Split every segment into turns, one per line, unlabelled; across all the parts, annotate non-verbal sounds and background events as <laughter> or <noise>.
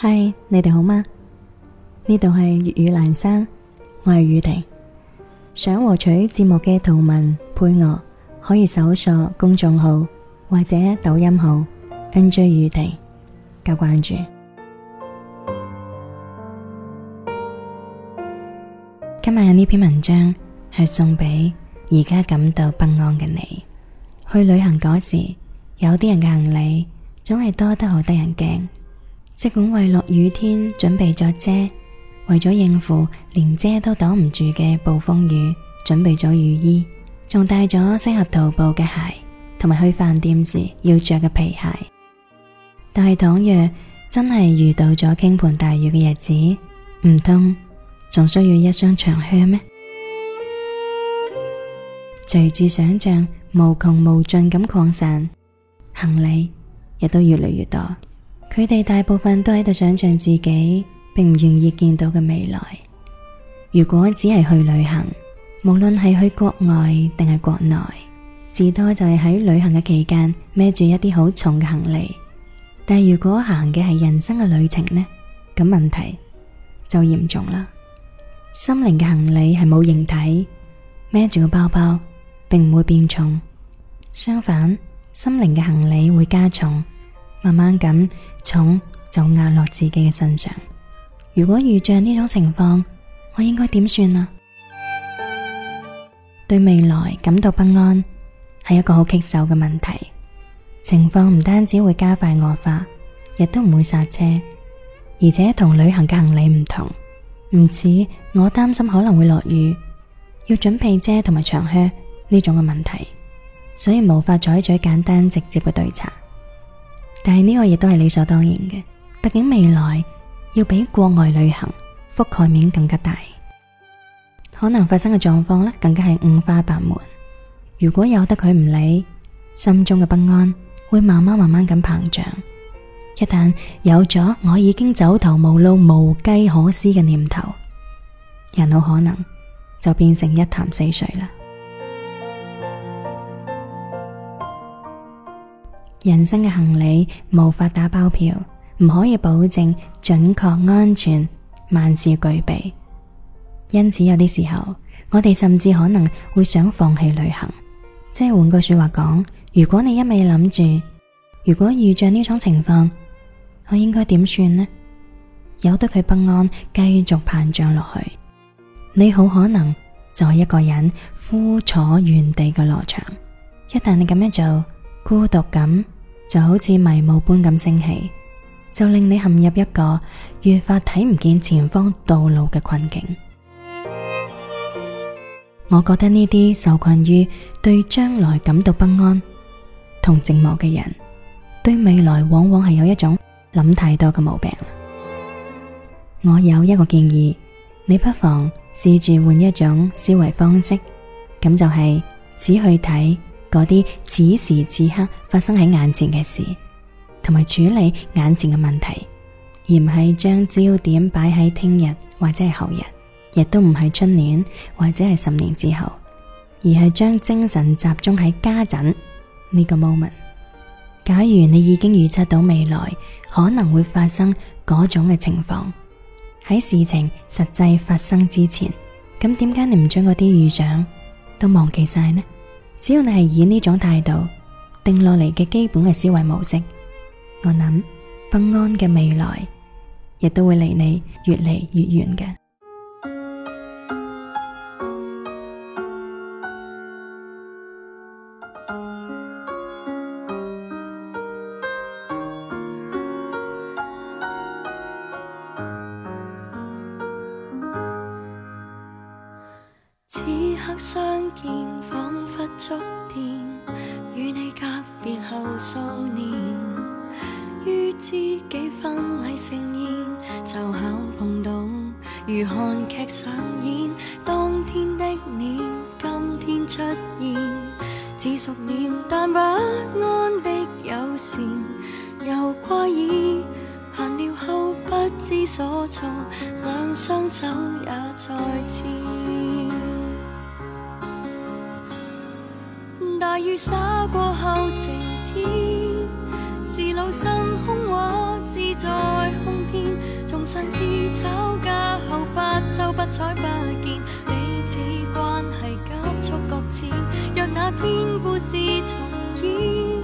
嗨，Hi, 你哋好嗎？呢度係粵語蘭山，我係宇婷。想獲取節目嘅圖文配樂，可以搜索公眾號或者抖音號 NJ 宇婷加關注。今日嘅呢篇文章係送俾而家感到不安嘅你。去旅行嗰時，有啲人嘅行李總係多得好得人驚。盡管為落雨天準備咗遮，為咗應付連遮都擋唔住嘅暴風雨，準備咗雨衣，仲帶咗適合徒步嘅鞋，同埋去飯店時要着嘅皮鞋。但係倘若真係遇到咗傾盆大雨嘅日子，唔通仲需要一雙長靴咩？隨住想象無窮無盡咁擴散，行李亦都越嚟越多。佢哋大部分都喺度想象自己並唔願意見到嘅未來。如果只係去旅行，無論係去國外定係國內，至多就係喺旅行嘅期間孭住一啲好重嘅行李。但如果行嘅係人生嘅旅程呢？咁問題就嚴重啦。心靈嘅行李係冇形體，孭住個包包並唔會變重，相反，心靈嘅行李會加重。慢慢咁重就壓落自己嘅身上。如果遇着呢種情況，我應該點算啊？ <music> 對未來感到不安，係一個好棘手嘅問題。情況唔單止會加快惡化，亦都唔會剎車。而且同旅行嘅行李唔同，唔似我擔心可能會落雨，要準備遮同埋長靴呢種嘅問題，所以無法採取簡單直接嘅對策。但係呢個亦都係理所當然嘅，畢竟未來要比國外旅行覆蓋面更加大，可能發生嘅狀況咧更加係五花八門。如果有得佢唔理，心中嘅不安會慢慢慢慢咁膨脹，一旦有咗我已經走投無路、無計可施嘅念頭，人好可能就變成一潭死水啦。人生嘅行李無法打包票，唔可以保證準確、安全、萬事俱備。因此有啲時候，我哋甚至可能會想放棄旅行。即係換個說話講，如果你一味諗住，如果遇着呢種情況，我應該點算呢？由得佢不安繼續膨脹落去，你好可能就係一個人枯坐原地嘅落場，一旦你咁樣做，孤獨感就好似迷霧般咁升起，就令你陷入一個越發睇唔見前方道路嘅困境。我覺得呢啲受困於對將來感到不安同寂寞嘅人，對未來往往係有一種諗太多嘅毛病。我有一個建議，你不妨試住換一種思維方式，咁就係只去睇。嗰啲此時此刻發生喺眼前嘅事，同埋處理眼前嘅問題，而唔係將焦點擺喺聽日或者係後日，亦都唔係出年或者係十年之後，而係將精神集中喺家陣呢個 moment。假如你已經預測到未來可能會發生嗰種嘅情況，喺事情實際發生之前，咁點解你唔將嗰啲預想都忘記晒呢？只要你係以呢種態度定落嚟嘅基本嘅思維模式，我諗不安嘅未來亦都會離你越嚟越遠嘅。
刻相見彷彿觸電，與你隔別後數年，於知己婚禮盛宴，恰巧碰到，如韓劇上演，當天的臉，今天出現，似熟臉但不安的友善，又怪異閒聊後不知所措，兩雙手也再次。大雨灑過後晴天，是老生空話，志在空篇。從上次吵架後不瞅不睬不見，彼此關係急速擱淺。若那天故事重演，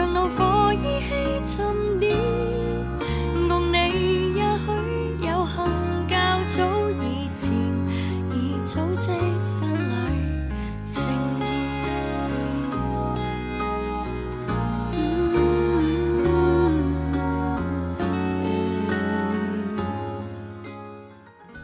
讓怒火依稀沉。